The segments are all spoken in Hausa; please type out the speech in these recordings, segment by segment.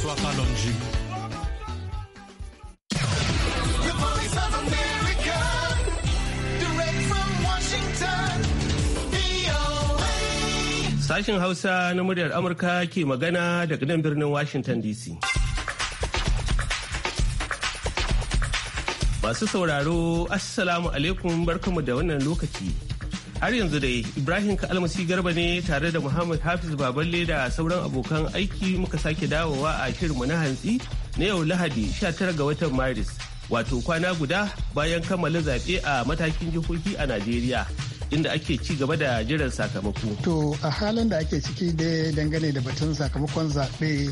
François Sashen Hausa na muryar Amurka ke magana daga nan birnin Washington DC. Masu sauraro, Assalamu alaikum barkamu da wannan lokaci. Har yanzu dai Ibrahim Kalmasi Garba ne tare da Muhammad Hafiz Baballe da sauran abokan aiki muka sake dawowa a shirinmu na hantsi na yau Lahadi 19 ga watan Maris. Wato kwana guda bayan kammala zaɓe a matakin jihohi a Najeriya. inda ake ci gaba da jiran sakamako. To a halin da ake ciki da dangane da batun sakamakon zaɓe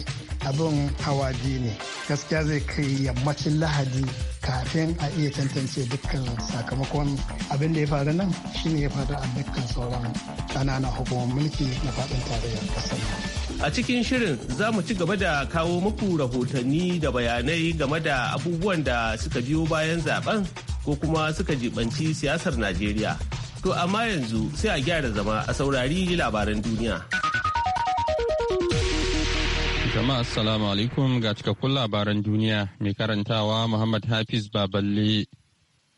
abin hawa biyu ne. Gaskiya zai kai yammacin Lahadi kafin a iya tantance dukkan sakamakon abin da ya faru nan shine ya faru a dukkan sauran ƙananan hukumar mulki na faɗin tarayyar ƙasar. A cikin shirin za mu ci gaba da kawo muku rahotanni da bayanai game da abubuwan da suka biyo bayan zaben ko kuma suka jibanci siyasar Najeriya. To amma yanzu sai a gyara zama a saurari labaran duniya. Jama'a assalamu alaikum ga cikakkun labaran duniya mai karantawa Muhammad Hafiz Baballe.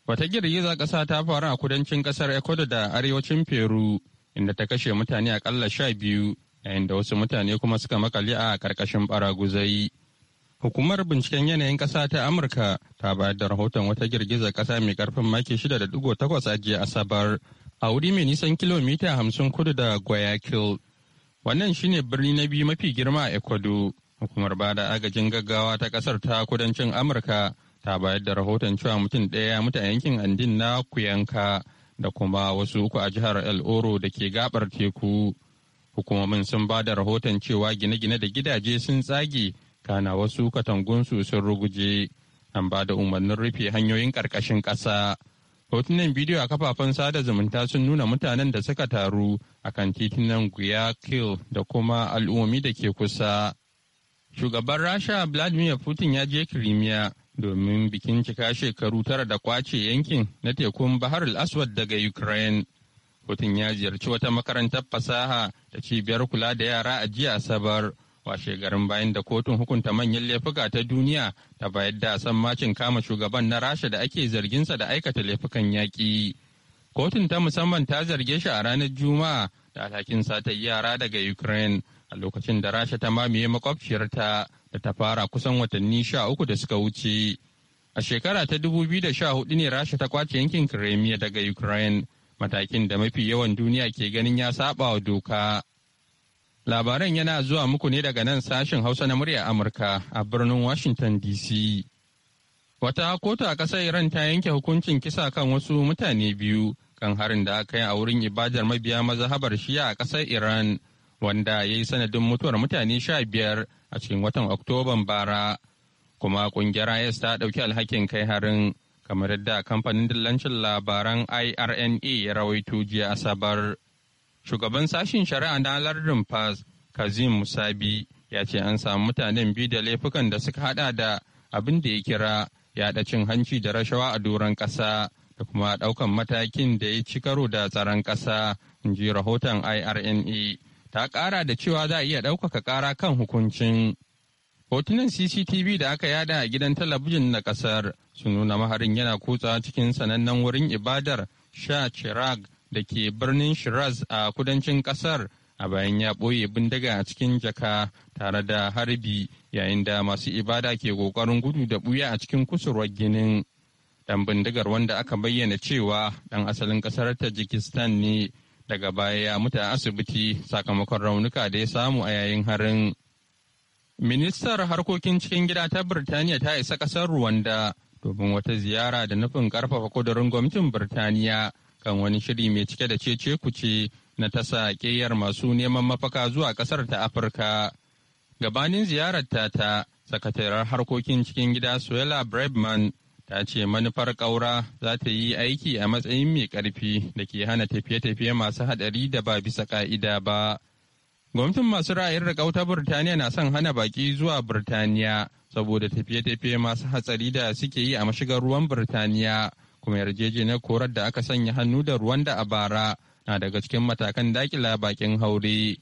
Wata girgiza ƙasa ta faru a kudancin ƙasar Ecuador da arewacin Peru inda ta kashe mutane akalla sha biyu yayin da wasu mutane kuma suka makale a ƙarƙashin baraguzai. Hukumar binciken yanayin ƙasa ta Amurka ta bayar da rahoton wata girgizar ƙasa mai ƙarfin maki 6.8 a jiya Asabar a wuri mai nisan kilomita 50 kudu da Guayaquil. Wannan shine birni na biyu mafi girma a Ecuador. Hukumar ba da agajin gaggawa ta ƙasar ta kudancin Amurka ta bayar da rahoton cewa mutum ɗaya mutu a yankin Andin na Kuyanka da kuma wasu uku a jihar El Oro da ke gabar teku. Hukumomin sun ba da rahoton cewa gine-gine da gidaje sun tsage kana wasu su sun ruguje an ba da umarnin rufe hanyoyin ƙarƙashin ƙasa hotunan bidiyo a kafafen sada zumunta sun nuna mutanen da suka taru a kan titunan guayaquil da kuma al'ummi da ke kusa shugaban rasha vladimir putin ya je kirimiya domin bikin cika shekaru tara da kwace yankin na tekun bahar al-aswad daga ukraine putin ya ziyarci wata makarantar fasaha da cibiyar kula da yara a jiya asabar washe garin bayan da kotun hukunta manyan laifuka ta duniya ta bayar da sammacin kama shugaban na rasha da ake zarginsa da aikata laifukan yaƙi kotun ta musamman ta zarge shi a ranar juma'a da alhakin sata yara daga ukraine a lokacin da rasha ta mamaye makwabciyarta da ta fara kusan watanni sha uku da suka wuce a shekara ta dubu biyu da sha ne rasha ta kwace yankin crimea daga ukraine matakin da mafi yawan duniya ke ganin ya saba wa doka Labaran yana zuwa muku ne daga nan sashin Hausa na murya Amurka a birnin Washington DC. Wata kotu a ƙasar Iran ta yanke hukuncin kisa kan wasu mutane biyu kan harin da aka yi a wurin ibadar mabiya mazhabar shiya a ƙasar Iran wanda ya yi sanadin mutuwar mutane sha biyar a cikin watan Oktoban bara. Kuma ƙungiyar IS ta ɗauki alhakin kai harin kamar yadda kamfanin dillancin labaran IRNA ya rawaito jiya Asabar. Shugaban sashen shari'a na lardin Fas, Kazim Musabi, ya ce an samu mutanen biyu da laifukan da suka hada da abin da ya kira yaɗa cin hanci da rashawa a doron ƙasa da kuma ɗaukan matakin da ya ci karo da tsaron ƙasa, in ji rahoton IRNE. Ta ƙara da cewa za a iya ɗaukaka ƙara kan hukuncin. Hotunan CCTV da aka yada a gidan talabijin na kasar su nuna maharin yana kutsa cikin sanannen wurin ibadar sha Chirag da ke birnin Shiraz a kudancin kasar a bayan ya ɓoye bindiga a cikin jaka tare da harbi yayin da masu ibada ke ƙoƙarin gudu da ɓuya a cikin kusurwar ginin. Dan bindigar wanda aka bayyana cewa ɗan asalin ƙasar Tajikistan ne daga baya ya mutu a asibiti sakamakon raunuka da ya samu a yayin harin. Ministar harkokin cikin gida ta Birtaniya ta isa ƙasar Ruwanda domin wata ziyara da nufin karfafa ƙudurin gwamnatin Birtaniya kan wani shiri mai cike da cece kuce na tasa ƙeyar masu neman mafaka zuwa ƙasar ta Afirka. Gabanin ziyarar ta ta sakataren harkokin cikin gida Suela Bradman ta ce manufar ƙaura za ta yi aiki a matsayin mai ƙarfi da ke hana tafiye-tafiye masu haɗari da ba bisa ƙa'ida ba. Gwamnatin masu ra'ayin da ta Burtaniya na son hana baƙi zuwa Burtaniya saboda tafiye-tafiye masu hatsari da suke yi a mashigar ruwan Burtaniya kuma yarjejeniyar korar da aka sanya hannu da Rwanda a bara na daga cikin matakan dakila bakin haure.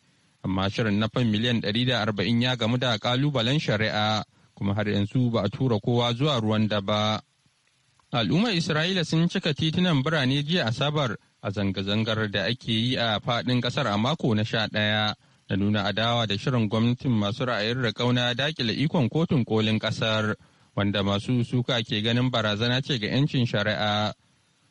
Amma shirin na fan miliyan 140 ya gamu da kalubalen shari'a kuma har yanzu ba a tura kowa zuwa ruwan da ba. Al'ummar Isra'ila sun cika titunan birane jiya Asabar a zanga-zangar da ake yi a faɗin ƙasar a mako na sha ɗaya na nuna adawa da shirin gwamnatin masu ra'ayin da ƙauna dakile ikon kotun kolin ƙasar. wanda masu suka ke ganin barazana ce ga 'yancin shari'a.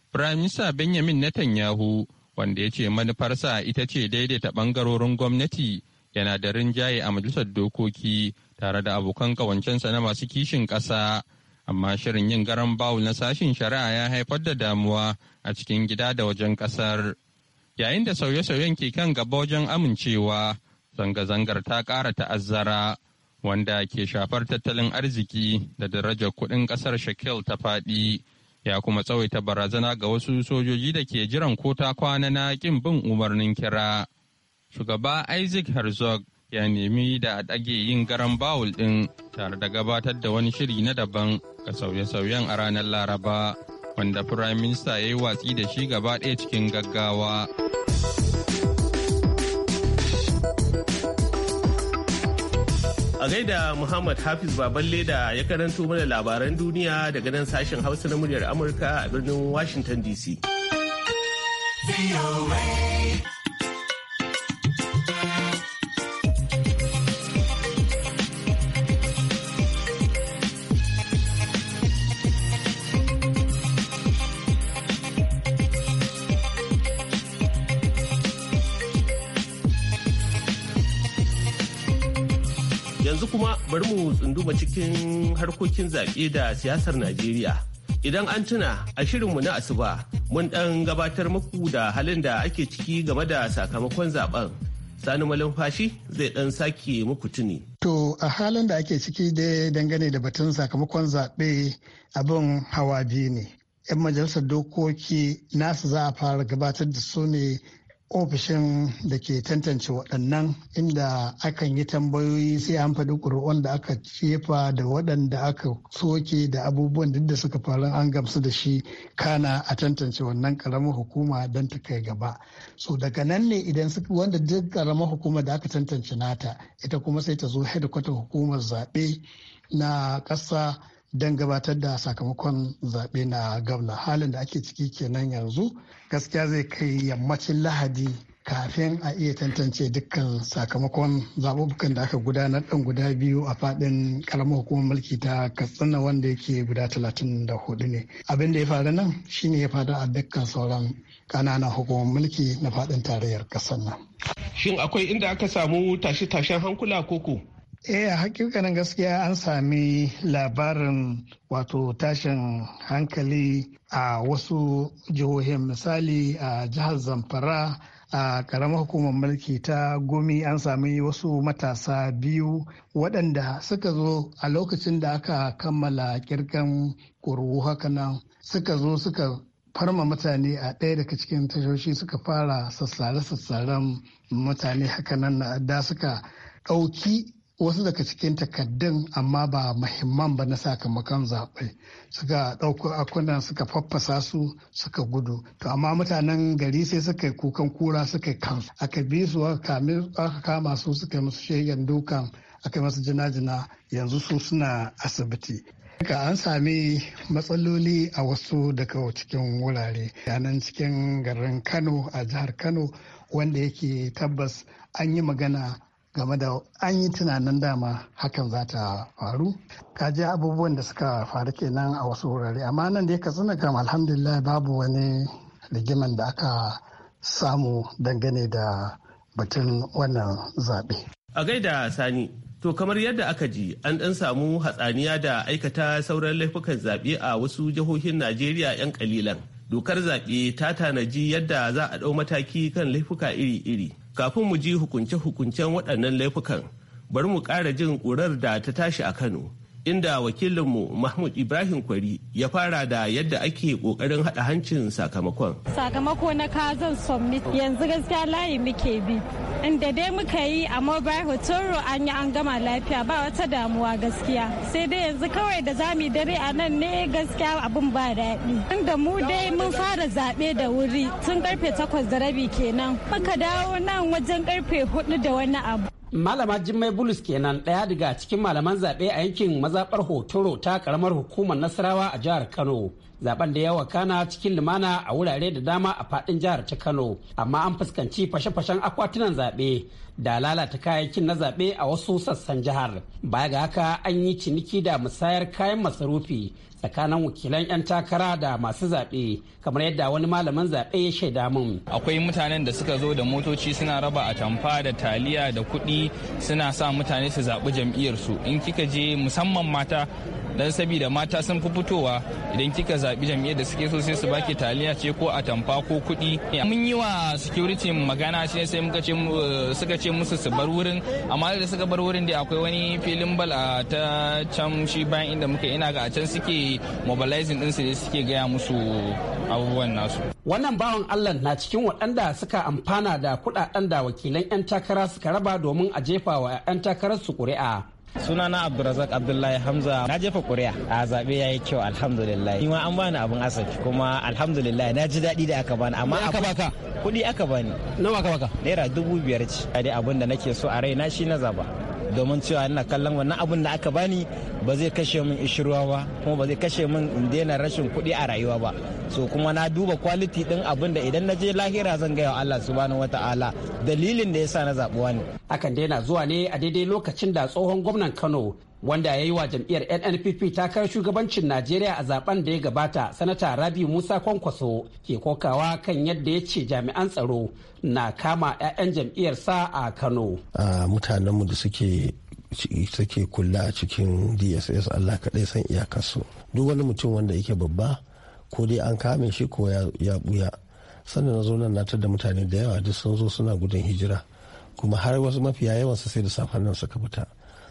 firaminista Benjamin Netanyahu wanda ya ce manufarsa ita ce daidaita ɓangarorin gwamnati yana da rinjaye a majalisar dokoki tare da abokan ƙawancensa na masu kishin ƙasa. Amma shirin yin garan bawul na sashin shari'a ya haifar da damuwa a cikin gida da wajen ƙasar. Yayin da sauye-sauyen ke kan gaba wajen amincewa, zanga-zangar ta ƙara ta'azzara. wanda ke shafar tattalin arziki da darajar kuɗin ƙasar shekel ta faɗi ya kuma tsawaita barazana ga wasu sojoji da ke jiran ko ta kwana na ƙin bin umarnin kira. Shugaba Isaac Herzog ya nemi da a ɗage yin garan bawul ɗin tare da gabatar da wani shiri na daban ga sauye-sauyen a ranar Laraba wanda Firayim Minista ya yi watsi da shi gaba ɗaya cikin gaggawa. A gaida Muhammad Hafiz Baballe Leda ya karanto mana labaran duniya daga nan sashen Hausa na muryar Amurka a birnin Washington DC. yanzu kuma bari mu tsunduma cikin harkokin zaɓe da siyasar Najeriya. Idan an tuna a shirinmu na asuba mun ɗan gabatar muku da halin da ake ciki game da sakamakon zaben. Sani malumfashi zai ɗan sake muku tuni. To a halin da ake ciki dai dangane da batun sakamakon zaɓe abin hawa biyu ne. 'Yan majalisar dokoki nasu za a fara gabatar da su ne ofishin da ke tantance waɗannan inda akan yi tambayoyi sai an faɗi ƙuri'un da aka jefa da waɗanda aka soke da abubuwan duk da suka faru an gamsu da shi kana a tantance wannan ƙaramar hukuma don ta kai gaba so daga nan ne idan wanda duk ƙaramar hukuma da aka tantance nata ita kuma sai ta zo hukumar zaɓe na ƙasa don gabatar da sakamakon zaɓe na gabna halin da ake ciki kenan yanzu gaskiya zai kai yammacin lahadi kafin a iya tantance dukkan sakamakon zaɓuɓɓukan da aka gudanar ɗan guda biyu a faɗin karamar hukumar mulki ta katsina wanda yake guda talatin da hudu ne abin da ya faru nan shine ya faru a dukkan sauran ƙananan hukumar mulki na faɗin tarayyar ƙasar nan shin akwai inda aka samu tashe-tashen hankula koko Eh a hakikanin gaskiya an sami labarin wato tashin hankali a wasu jihohin misali a jihar Zamfara a karamar hukumar mulki ta gumi an sami wasu matasa biyu waɗanda suka zo a lokacin da aka kammala kirkan kurwu hakanan suka zo suka farma mutane a ɗaya daga cikin tashoshi suka fara sassare-sassaren mutane hakanan da suka ɗauki wasu daga cikin takaddun amma ba mahimman ba na sakamakon zaɓe suka ɗauko akunan suka faffasa su suka gudu to amma mutanen gari sai suka yi kukan kura suka yi kansu aka bi su aka kama su suka yi musu shegen dukan aka yi musu jina-jina yanzu su suna asibiti Ka an sami matsaloli a wasu daga cikin wurare yanan cikin garin Kano a jihar Kano wanda yake tabbas an yi magana game da an yi tunanin dama hakan za ta faru kaji abubuwan da suka faru kenan a wasu wurare amma nan da ya katsina kam alhamdulillah babu wani rigiman da aka samu dangane da batun wannan zaɓe. a gaida sani to kamar yadda aka ji an ɗan samu hatsaniya da aikata sauran laifukan zaɓe a wasu jihohin najeriya 'yan kalilan dokar zaɓe ta tanaji yadda za a ɗau mataki kan laifuka iri-iri kafin mu ji hukunce-hukuncen waɗannan laifukan bari mu ƙara jin ƙurar da ta tashi a kano inda wakilinmu Mahmud Ibrahim Kwari ya fara da yadda ake kokarin hada hancin sakamakon. Sakamako na kazan submit yanzu gaskiya layi muke bi. Inda dai muka yi a mobile ro an yi an gama lafiya ba wata damuwa gaskiya. Sai dai yanzu kawai da zamu dare a nan ne gaskiya abin ba daɗi. Inda mu dai mun fara zaɓe da wuri tun karfe takwas da rabi kenan. Muka dawo nan wajen karfe hudu da wani abu. Malama Jimmai Bulus kenan ɗaya daga cikin malaman zaɓe a yankin mazaɓar Hotoro ta ƙaramar hukumar Nasarawa a jihar Kano. Zaben da yawa kana cikin lumana a wurare da dama a faɗin jihar ta Kano, amma an fuskanci fashe-fashen akwatunan zaɓe da lalata kayayyakin na zaɓe a wasu sassan jihar. Baya ga haka an yi ciniki da musayar kayan masarufi tsakanin wakilan 'yan takara da masu zaɓe kamar yadda wani malamin zaɓe ya shaida min. Akwai mutanen da suka zo da motoci suna raba atamfa da taliya da kuɗi suna sa mutane su zaɓi jam'iyyarsu in kika je musamman mata don sabida mata sun fi fitowa idan kika zaɓi jam'iyyar da suke so sai su baki taliya ce ko a tamfa ko kuɗi mun yi wa security magana shi sai eh, suka ce musu su bar wurin amma da suka bar wurin da akwai wani filin bal a ta can shi bayan inda muka ina ga a can suke mobilizing ɗinsu da suke gaya musu abubuwan nasu wannan bawan allah na cikin waɗanda suka amfana da kuɗaɗen da wakilan 'yan takara suka raba domin a jefa wa 'yan takarar su ƙuri'a sunana abdulrazak abdullahi hamza na jefa kuri'a a zaɓe ya yi kyau alhamdulillah ma an bani abin asafi kuma alhamdulillah na ji daɗi da aka bani amma aka baka kuɗi aka bani nawa aka baka naira dubu biyar ce dai abin da nake so a raina shi na zaba domin cewa ina kallon wannan abun da aka bani ba zai kashe min ishirwa ba kuma ba zai kashe min in daina rashin kuɗi a rayuwa ba so kuma na duba kwaliti din abin da idan na je lahira zan gaya wa Allah subhanahu wataala dalilin da yasa na zaɓuwa ne akan daina zuwa ne a daidai lokacin da tsohon gwamnan Kano wanda ya yi wa jam'iyyar nnpp kai shugabancin najeriya a zaben da ya gabata sanata rabi musa kwankwaso ke kokawa kan yadda ya ce jami'an tsaro na kama 'ya'yan jam'iyyarsa a kano mutanenmu da suke suke kula a cikin dss allah kaɗai san iyakarsu duk wani mutum wanda yake babba ko dai an kame shi ko ya buya sannan na zo nan na da mutane da yawa duk sun zo suna gudun hijira kuma har wasu mafiya yawansu sai da safanin nan suka fita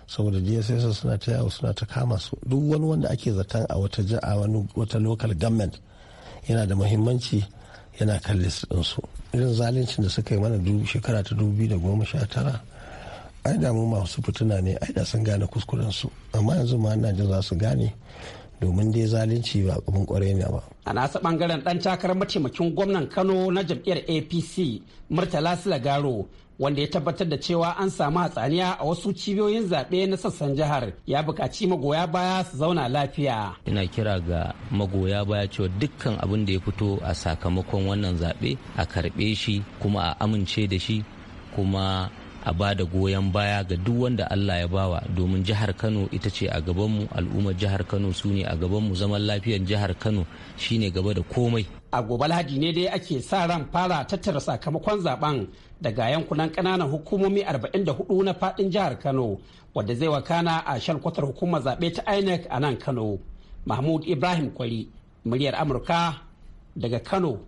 saboda dss suna ta yawo suna ta kama su duk wani wanda ake zaton a wata a wani wata local government yana da muhimmanci yana kan list ɗinsu irin zaluncin da suka yi mana shekara ta dubu da goma sha tara ai da mu masu fituna ne ai da sun gane kuskuren su amma yanzu ma ina jin za su gane domin dai zalunci ba abin kwarai ne ba. A nasu bangaren dan takarar mataimakin gwamnan Kano na jam'iyyar APC Murtala Silagaro wanda ya tabbatar da cewa an samu hatsaniya a wasu cibiyoyin zaɓe na sassan jihar ya buƙaci magoya baya su zauna lafiya. Ina kira ga magoya baya cewa dukkan abin da ya fito a sakamakon wannan zaɓe a karɓe shi kuma a amince da shi kuma a ba da goyon baya ga duk wanda Allah ya bawa domin jihar Kano ita ce a gabanmu al'ummar jihar Kano su ne a gabanmu zaman lafiyar jihar Kano shine gaba da komai. A gobe lahadi ne dai ake sa ran fara tattara sakamakon zaben daga yankunan kananan hukumomi 44 na fadin jihar Kano wadda zai wakana a shalkwatar hukumar zaɓe ta INEC a nan Kano. Mahmud Ibrahim Kwari, muryar Amurka daga Kano,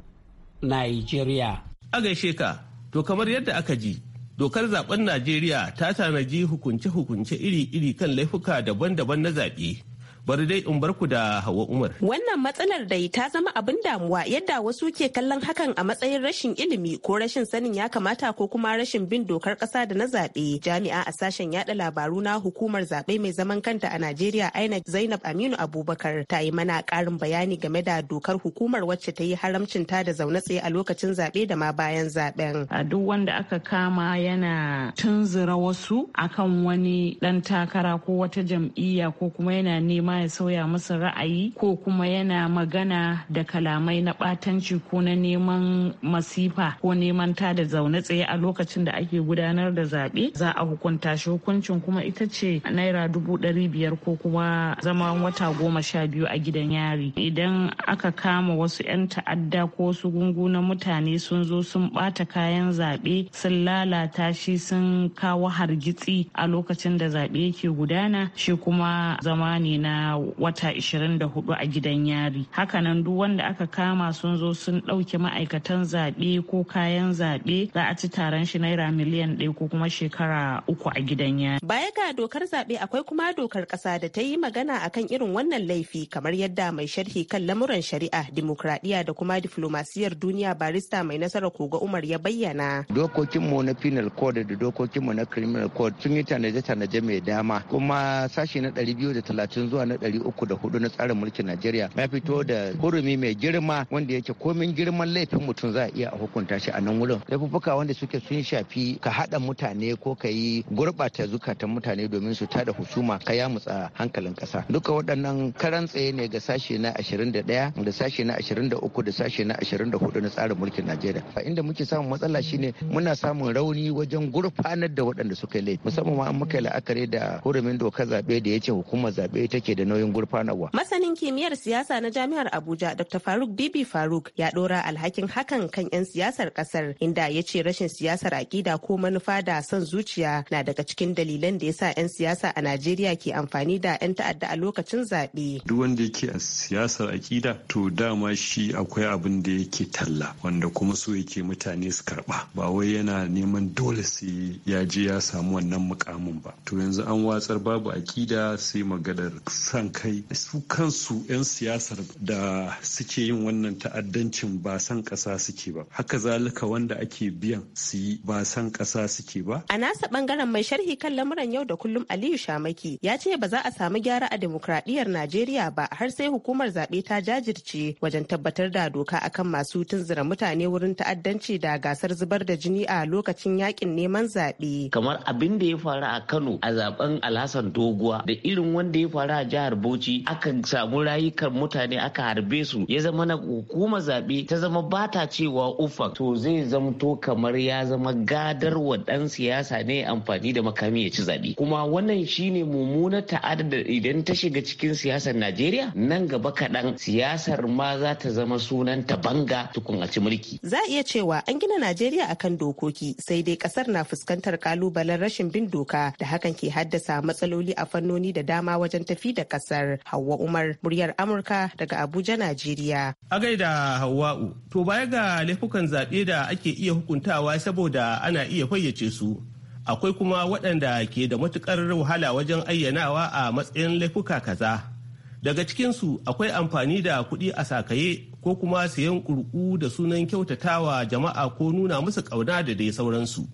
Nigeria. A gaishe ka, to kamar yadda aka ji, dokar zaben Najeriya ta tanaji hukunce-hukunce iri-iri kan laifuka daban-daban na zaɓe. bari dai in barku da hawa umar wannan matsalar dai ta zama abin damuwa yadda wasu ke kallon hakan a matsayin rashin ilimi ko rashin sanin ya kamata ko kuma rashin bin dokar kasa da na zaɓe jami'a a sashen yada labaru na hukumar zaɓe mai zaman kanta a najeriya aina zainab aminu abubakar ta yi mana ƙarin bayani game da dokar hukumar wacce ta yi haramcin ta da zaune tsaye a lokacin zaɓe da ma bayan zaɓen a duk wanda aka kama yana tunzura wasu akan wani ɗan takara ko wata jam'iyya ko kuma yana neman ma ya sauya masa ra'ayi ko kuma yana magana da kalamai na ɓatanci ko na neman masifa ko neman ta da zaune tsaye a lokacin da ake gudanar da zaɓe za a hukunta shi hukuncin kuma ita ce naira dubu ɗari biyar ko kuma zama wata goma sha biyu a gidan yari idan aka kama wasu 'yan ta'adda ko su gungu na mutane sun zo sun ɓata kayan zaɓe sun lalata shi sun kawo hargitsi a lokacin da zaɓe yake gudana shi kuma zama ne na na wata 24 a gidan yari hakanan duk wanda aka kama sun zo sun ɗauki ma'aikatan zaɓe ko kayan zaɓe za a ci taron shi naira miliyan ɗaya ko kuma shekara uku a gidan yari baya ga dokar zaɓe akwai kuma dokar ƙasa da ta yi magana akan irin wannan laifi kamar yadda mai sharhi kan lamuran shari'a dimokuraɗiyya da kuma diflomasiyar duniya barista mai nasarar koga umar ya bayyana dokokin mu na penal code da dokokin mu na criminal code sun yi tanaje-tanaje mai dama kuma sashi na 230 zuwa na 304 na tsarin mulkin Najeriya ya fito da hurumi mai girma wanda yake komin girman laifin mutum za a iya hukunta shi a nan wurin. Laifuffuka wanda suke sun shafi ka haɗa mutane ko ka yi gurɓata zukatan mutane domin su tada husuma ka mutsa hankalin ƙasa. Duka waɗannan karan tsaye ne ga sashe na 21 da sashe na 23 da sashe na 24 na tsarin mulkin Najeriya. Inda muke samun matsala shine muna samun rauni wajen gurfanar da waɗanda suka yi laifi musamman ma an muka yi la'akari da hurumin dokar zaɓe da ya hukumar zaɓe take da nauyin gurfanarwa. Masanin kimiyyar siyasa na jami'ar Abuja Dr. Faruk Bibi Faruk ya ɗora alhakin hakan kan 'yan siyasar ƙasar inda ya ce rashin siyasar aƙida ko manufa da son zuciya na daga cikin dalilan da ya sa 'yan siyasa a Najeriya ke amfani da 'yan ta'adda a lokacin zaɓe. Duk wanda yake a siyasar aƙida to dama shi akwai abin da yake talla wanda kuma so yake mutane su karɓa ba wai yana neman dole sai ya je ya samu wannan mukamin ba. To yanzu an watsar babu aƙida sai maganar san kai su kansu 'yan siyasar da suke yin wannan ta'addancin ba san ƙasa suke ba haka zalika wanda ake biyan su yi ba san ƙasa suke ba a nasa bangaren mai sharhi kan lamuran yau da kullum aliyu shamaki ya ce ba za a samu gyara a demokradiyyar najeriya ba har sai hukumar zaɓe ta jajirce wajen tabbatar da doka akan masu tunzura mutane wurin ta'addanci da gasar zubar da jini a lokacin yakin neman zaɓe kamar abin da ya faru a kano a zaben alhassan doguwa da irin wanda ya faru a jihar Bauchi akan samu rayukan mutane aka harbe su ya zama na hukumar zaɓe ta zama bata cewa ufa to zai zamto kamar ya zama gadar wa ɗan siyasa ne amfani da makami ya ci zaɓe kuma wannan shine mummunar ta'adda idan ta shiga cikin siyasar Najeriya nan gaba kaɗan siyasar ma za ta zama sunan ta banga tukun a ci mulki. Za iya cewa an gina Najeriya akan dokoki sai dai ƙasar na fuskantar ƙalubalen rashin bin doka da hakan ke haddasa matsaloli a fannoni da dama wajen tafi da kasar Hauwa Umar muryar Amurka daga Abuja, Najeriya. A gaida Hauwa'u, to baya ga laifukan zaɓe da ake iya hukuntawa saboda ana iya fayyace su. Akwai kuma waɗanda ke da matuƙar wahala wajen ayyanawa a matsayin laifuka kaza. Daga cikinsu akwai amfani da kuɗi a sakaye ko kuma sayan ƙurƙu da sunan kyautatawa jama'a ko nuna musu ƙauna da dai sauransu.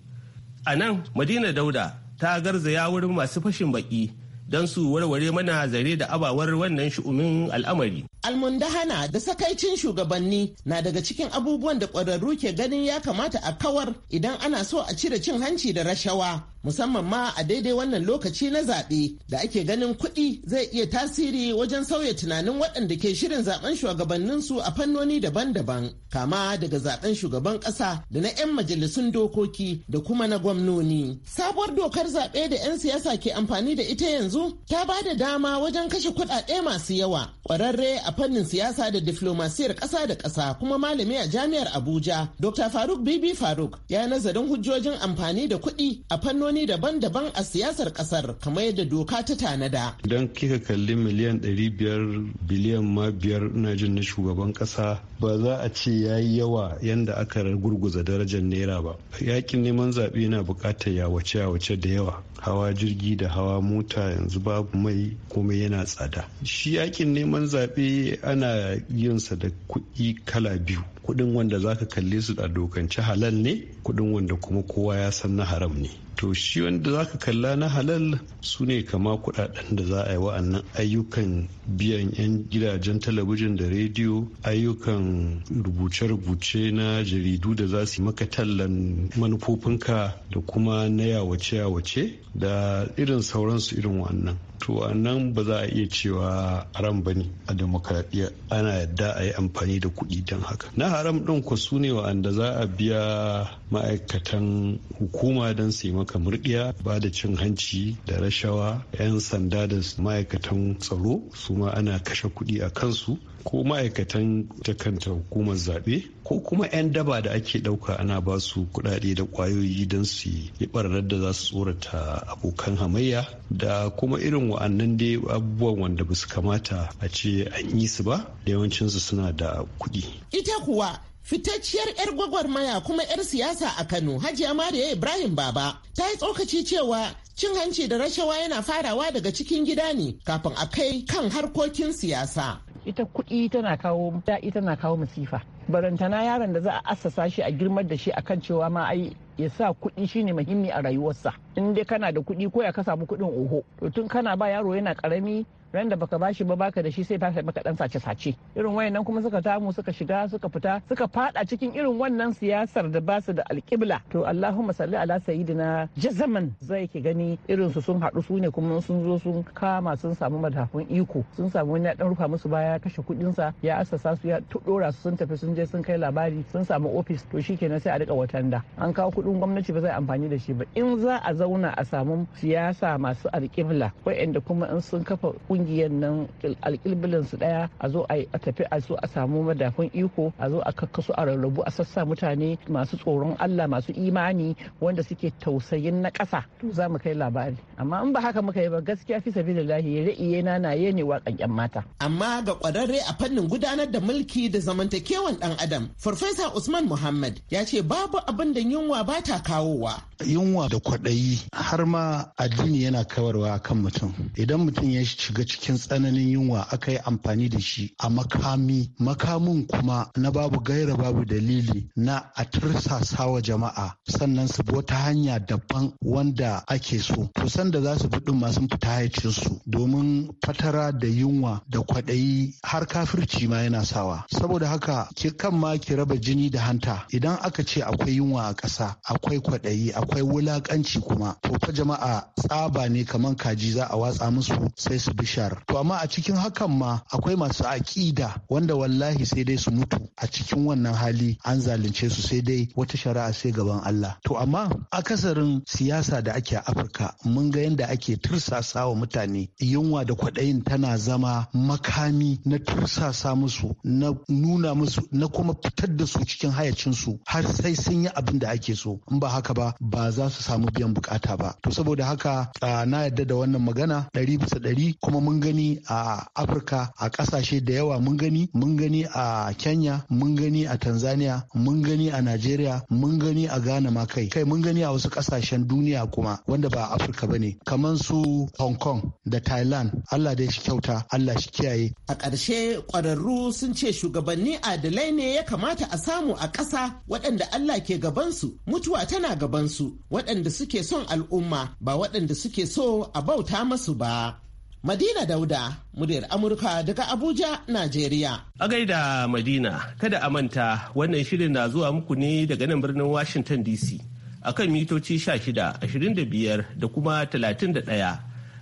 A nan Madina Dauda ta garzaya wurin masu fashin baƙi don su warware mana zare da abawar wannan shu'umin al'amari. Almundahana da sakaicin shugabanni na daga cikin abubuwan da ƙwararru ke ganin ya kamata a kawar idan ana so a cire cin hanci da rashawa. musamman ma a daidai wannan lokaci na zaɓe da ake ganin kuɗi zai iya tasiri wajen sauya tunanin waɗanda ke shirin zaben shugabanninsu a fannoni daban-daban kama daga zaben shugaban ƙasa da na 'yan majalisun dokoki da kuma na gwamnoni sabuwar dokar zaɓe da 'yan siyasa ke amfani da ita yanzu ta ba da dama wajen kashe kuɗaɗe masu yawa ƙwararre a fannin siyasa da diflomasiyar ƙasa da ƙasa kuma malami a jami'ar abuja dr faruk bibi faruk ya nazarin hujjojin amfani da kuɗi a fannoni fannoni daban-daban a siyasar kasar kamar yadda doka ta tanada. Idan kika kalli miliyan 500 biliyan ma biyar ina jin na shugaban kasa ba za a ce ya yi yawa yadda aka gurguza darajar naira ba. Yakin neman zaɓe na buƙatar yawace-yawace da yawa. Hawa jirgi da hawa mota yanzu babu mai komai yana tsada. Shi yakin neman zaɓe ana yinsa da kuɗi kala biyu. Kuɗin wanda za ka kalle su a dokance halal ne kuɗin wanda kuma kowa ya san na haram ne to shi wanda za ka kalla na halal su ne kama kuɗaɗen da za a yi wa'annan ayyukan biyan 'yan gidajen talabijin da rediyo ayyukan rubuce-rubuce na jaridu da za su maka tallan manufofinka da kuma na yawace-yawace da irin sauransu irin wannan to wannan ba za a iya cewa haram ba ne a demokradiyya ana yadda a yi amfani da kuɗi don haka na haram ɗin ku su ne wa'anda za a biya ma'aikatan hukuma don su yi maka murdiya ba da cin hanci da rashawa 'yan sanda da ma'aikatan tsaro su ma ana kashe kuɗi a kansu ko ma'aikatan ta hukumar zaɓe ko kuma 'yan daba da ake ɗauka ana ba su kuɗaɗe da ƙwayoyi don su yi ɓarnar da za su tsorata abokan hamayya da kuma irin wa'annan dai abubuwan wanda ba su kamata a ce an yi su ba da yawancinsu suna da kuɗi. Ita kuwa Fitacciyar 'yar gwagwarmaya kuma 'yar siyasa a Kano, Hajiya Mariya Ibrahim Baba, ta yi tsokaci cewa cin hanci da rashawa yana farawa daga cikin gida ne kafin a kai kan harkokin siyasa. Ita kuɗi tana kawo ita na kawo masifa. barantana yaron da za a assasa shi a girmar da shi a kan cewa ma ai ya sa kuɗi shine muhimmi a rayuwarsa in dai kana da kuɗi ko ya ka samu kuɗin oho to tun kana ba yaro yana karami ran da baka bashi ba baka da shi sai baka maka dan sace sace irin wayannan kuma suka tamu suka shiga suka fita suka fada cikin irin wannan siyasar da basu da alƙibla to Allahumma salli ala sayyidina jazaman zai ki gani irin su sun hadu sune kuma sun zo sun kama sun samu madafun iko sun samu wani dan rufa musu baya kashe kuɗin sa ya assasa su ya tudora su sun tafi sun je sun kai labari sun samu ofis to shikenan sai a rika watanda an kawo kuɗin gwamnati ba zai amfani da shi ba in za a zauna a samu siyasa masu alƙibla wa'anda kuma in sun kafa ƙungiyar nan alƙiblan su ɗaya a zo a tafi a zo a samu madafun iko a zo a kakkasu a rarrabu a sassa mutane masu tsoron Allah masu imani wanda suke tausayin na ƙasa to za mu kai labari amma in ba haka muka yi ba gaskiya fi sabilillahi ra'iye na na ne waƙan mata amma ga ƙwararre a fannin gudanar da mulki da zamantakewan dan adam. Farfesa Usman Muhammad ya ce babu abin da yunwa ba ta kawowa. Yunwa da kwaɗayi har ma addini yana kawarwa kan mutum. Idan mutum ya shiga cikin tsananin yunwa aka yi amfani da shi a makami, makamin kuma na babu gaira babu dalili na a tursasa wa jama'a sannan su wata hanya daban wanda ake so. To sanda za su bi masu masu fita su domin fatara da yunwa da kwaɗayi har kafirci ma yana sawa. Saboda haka ki kan ma ki raba jini da hanta idan aka ce akwai yunwa a ƙasa akwai kwaɗayi akwai wulaƙanci kuma to fa jama'a tsaba ne kamar kaji za a watsa musu sai su bishar to amma a cikin hakan ma akwai masu aƙida wanda wallahi sai dai su mutu a cikin wannan hali an zalunce su sai dai wata shari'a sai gaban Allah to amma akasarin siyasa da ake a Afirka mun ga yadda ake tursasa wa mutane yunwa da kwaɗayin tana zama makami na tursasa musu na nuna musu na na kuma fitar da su cikin hayacinsu har sai sun yi abin da ake so in ba haka ba ba za su samu biyan bukata ba to saboda haka na yarda da wannan magana ɗari bisa ɗari kuma mun gani a afirka a ƙasashe da yawa mun gani mun gani a kenya mun gani a tanzania mun gani a nigeria mun gani a ghana ma kai kai mun gani a wasu ƙasashen duniya kuma wanda ba afirka ba ne kamar su hong kong da thailand allah ya shi kyauta allah shi kiyaye a ƙarshe ƙwararru sun ce shugabanni adalai muhimmai ne ya kamata a samu a ƙasa waɗanda Allah ke gabansu mutuwa tana gabansu waɗanda suke son al'umma ba waɗanda suke so a bauta masu ba. Madina Dauda, muryar Amurka daga Abuja, Najeriya. A gaida Madina, kada a manta wannan shirin na zuwa muku ne daga nan birnin Washington DC a kan mitoci 16, 25 da kuma 31.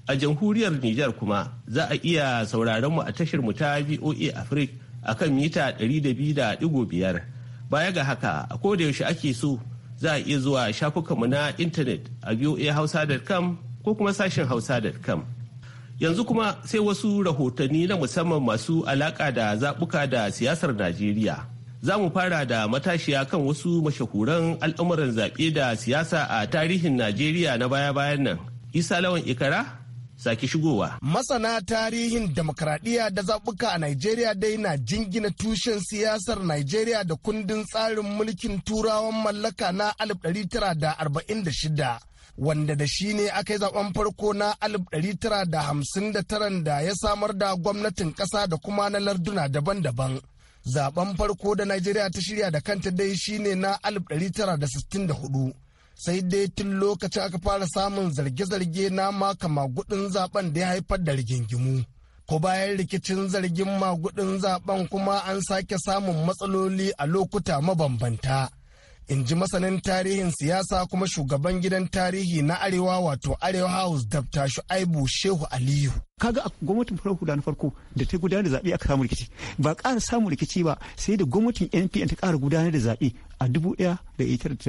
A jamhuriyar Nijar kuma za a iya sauraron mu a tashar mu ta VOA Africa a kan mita 200.5 baya ga haka a yaushe ake so za a iya zuwa shafukanmu na intanet a voahausa.com ko kuma sashen hausa.com yanzu kuma sai wasu rahotanni na musamman masu alaka da zaɓuka da siyasar najeriya za mu fara da matashiya kan wasu mashahuran al'amuran zaɓe da siyasa a tarihin najeriya na baya-bayan nan isa lawan ikara sake shigowa. Masana tarihin demokradiyya da zaɓuka a Najeriya dai na jingina tushen siyasar Najeriya da kundin tsarin mulkin turawan mallaka na 1946. wanda da shi ne aka yi zaben farko na 1959 da ya samar da gwamnatin ƙasa da kuma na larduna daban-daban. Zaben farko da Najeriya ta shirya da kanta dai shi ne na 1964 sai dai tun lokacin aka fara samun zarge-zarge na maka magudin zaben da ya haifar da rigingimu ko bayan rikicin zargin magudin zaben kuma an sake samun matsaloli a lokuta mabambanta in ji masanin tarihin siyasa kuma shugaban gidan tarihi na arewa wato arewa house dabta shu'aibu shehu aliyu kaga a gwamnatin farko da na farko da ta gudanar da zaɓe aka samu rikici ba ƙara samun rikici ba sai da gwamnatin npn ta ƙara gudanar da zaɓe a dubu ɗaya da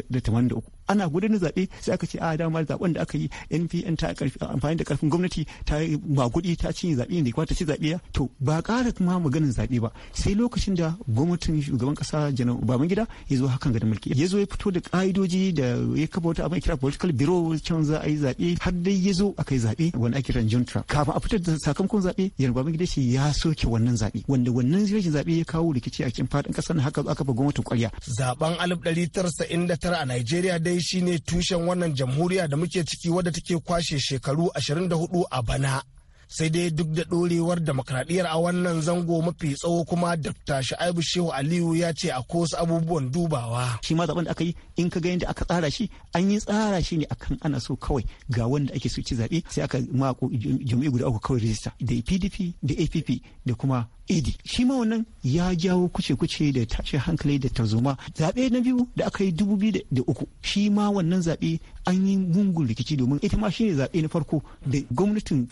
da tamanin da uku ana gudanar da zaɓe sai aka ce a dama zaɓen da aka yi npn ta amfani da ƙarfin gwamnati ta yi maguɗi ta cinye zaɓe da kwata ci zaɓe to ba ƙara kuma maganin zaɓe ba sai lokacin da gwamnatin shugaban ƙasa janar gida ya zo hakan ga mulki ya zo ya fito da ƙa'idoji da ya kafa wata abin kira political bureau can za a yi zaɓe har dai ya zo aka yi zaɓe wani ake kiran kafin a fito fitar da sakamakon zaɓe yarba bangladeshi ya soke wannan zaɓe wanda wannan rashin zaɓe ya kawo rikici a cikin faɗin ƙasar haka aka fa gwamnatin ƙwarya. zaben alif ɗari tara da tara a najeriya dai shine tushen wannan jamhuriya da muke ciki wadda take kwashe shekaru ashirin da hudu a bana sai dai duk da ɗorewar demokradiyyar a wannan zango mafi tsawo kuma dafta sha'ibu shehu aliyu ya ce a kosu abubuwan dubawa shi ma zaben da aka yi in ka ga yadda aka tsara shi an yi tsara shi ne akan ana so kawai ga wanda ake so ci zaɓe sai aka mako jami'i guda uku kawai rijista da pdp da app da kuma ad shi ma wannan ya jawo kuce-kuce da tashin hankali da tarzoma zaɓe na biyu da aka yi dubu biyu da uku shi ma wannan zaɓe an yi mungun rikici domin ita ma shi ne zaɓe na farko da gwamnatin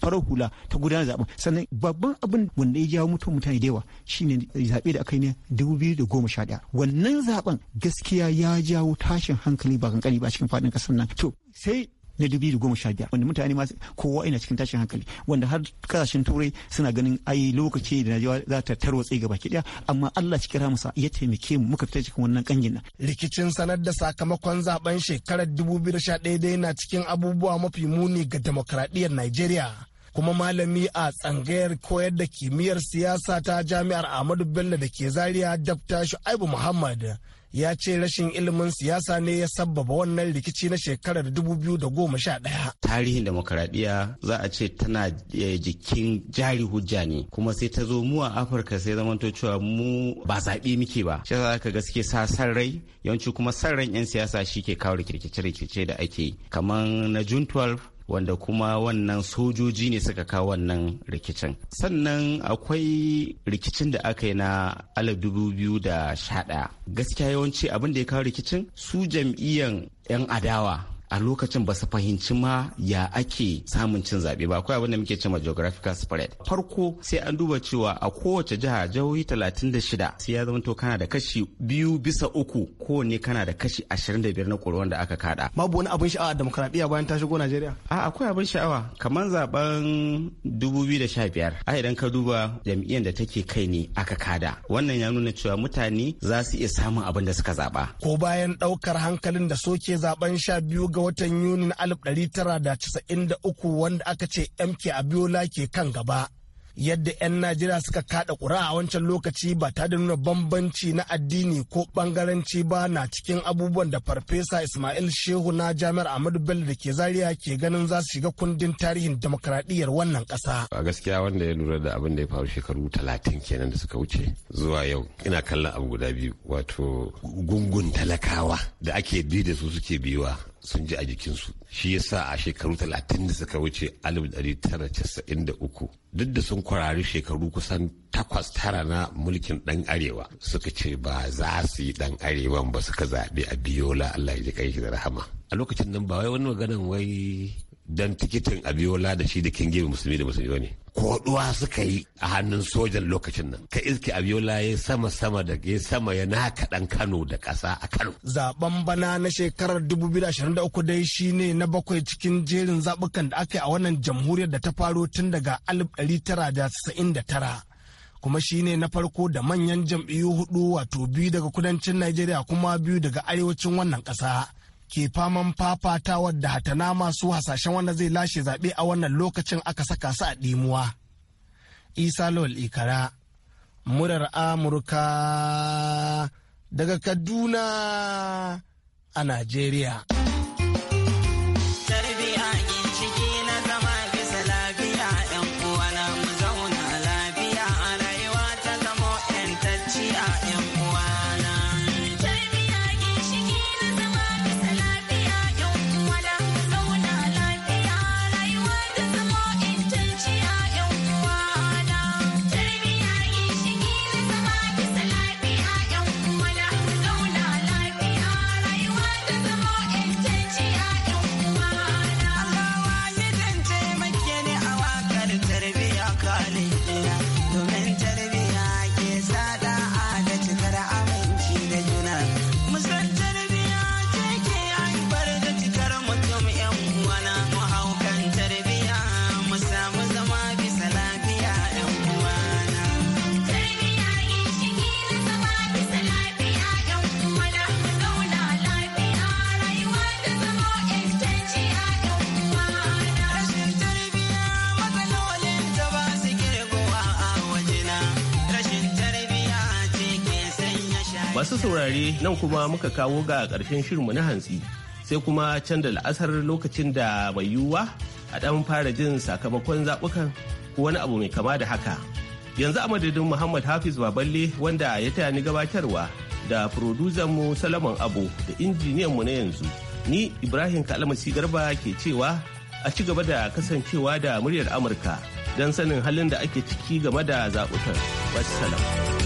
farar farar hula ta gudanar zaben sannan babban abin wanda ya jawo mutum mutane da yawa shine zaɓe da aka yi ne sha ɗaya wannan zaben gaskiya ya jawo tashin hankali ba kankani ba cikin faɗin ƙasar nan to sai na dubu biyu da goma sha biyar wanda mutane ma kowa ina cikin tashin hankali wanda har kasashen turai suna ganin ai lokaci da najeriya za ta tarwatse gaba ki daya amma Allah cikin ramusa ya taimake mu muka fita cikin wannan kangin nan rikicin sanar da sakamakon zaben shekarar 2011 dai na cikin abubuwa mafi muni ga demokradiyyar Najeriya kuma malami a tsangayar koyar da kimiyyar siyasa ta jami'ar Ahmadu Bello da ke Zaria Dabta Shu'aibu Muhammad ya ce rashin ilimin siyasa ne ya sabbaba wannan rikici na shekarar 2011. Tarihin demokaradiyya za a ce tana eh, jikin jari hujja ne kuma sai ta zo mu a Afirka sai zamanto cewa mu ba zaɓe muke ba. Shi za ka gaske sa san rai yawanci kuma san ran 'yan siyasa shi ke kawo rikice-rikice da ake yi. Kamar na June 12 wanda kuma wannan sojoji ne suka kawo wannan rikicin sannan akwai rikicin da aka yi na ɗaya gaskiya yawanci abin da ya kawo rikicin su jam'iyyan 'yan adawa a lokacin ba su fahimci ma ya ake samun cin zaɓe ba akwai abin da muke cewa geographical spread farko sai an duba cewa a kowace jiha jihohi 36 sai ya zama to kana da kashi biyu bisa uku kowanne kana da kashi ashirin 25 na ƙuri'un da aka kada babu wani abin sha'awa demokradiyya bayan ta shigo Najeriya a akwai abin sha'awa kamar zaben 2015 a idan ka duba jam'iyyar da take kai ne aka kada wannan ya nuna cewa mutane za su iya samun abin da suka zaba ko bayan ɗaukar hankalin da soke zaben 12 ga ga watan yuni na 1993 wanda aka ce MK Abiola ke kan gaba. Yadda 'yan Najeriya suka kada kura a wancan lokaci ba ta da nuna bambanci na addini ko bangaranci ba na cikin abubuwan da Farfesa Ismail Shehu na Jami'ar Ahmadu Bello da ke Zaria ke ganin za su shiga kundin tarihin demokradiyyar wannan kasa. A gaskiya wanda ya lura da abin da ya faru shekaru talatin kenan da suka wuce zuwa yau ina kallon abu guda biyu wato gungun talakawa da ake bi da su suke biyuwa sun ji a jikinsu shi yasa a shekaru talatin da suka wuce uku duk da sun kwarari shekaru kusan takwas tara na mulkin dan arewa suka ce ba za su yi dan arewan ba suka zaɓi a biyola allah ya ji kai da rahama a lokacin nan ba wai wani maganan wai don tikitin abiola da shi da kinge musulmi da musulmi bane koduwa suka yi a hannun sojan lokacin nan ka iske abiola ya sama sama da ya sama ya naka dan kano da ƙasa a kano zaben bana na shekarar 2023 dai shine na bakwai cikin jerin zaɓukan da aka yi a wannan jamhuriyar da ta faro tun daga alif 1999 kuma shine na farko da manyan jam'iyyu hudu wato biyu daga kudancin Najeriya kuma biyu daga arewacin wannan ƙasa ke faman fafatawa da hatana masu hasashen wanda zai lashe zaɓe a wannan lokacin aka saka su a ɗimuwa. Isa Lawal Ikara, murar Amurka daga Kaduna a Najeriya. saurare nan kuma muka kawo ga ƙarshen shirinmu na hantsi sai kuma can da la'asar lokacin da mai yiwuwa a ɗan fara jin sakamakon zaɓukan ko wani abu mai kama da haka. Yanzu a madadin Muhammad Hafiz Baballe wanda ya taya ni gabatarwa da mu Salaman Abu da injiniyan mu na yanzu. Ni Ibrahim Kalmasi Garba ke cewa a ci gaba da kasancewa da muryar Amurka don sanin halin da ake ciki game da zaɓukan. salamu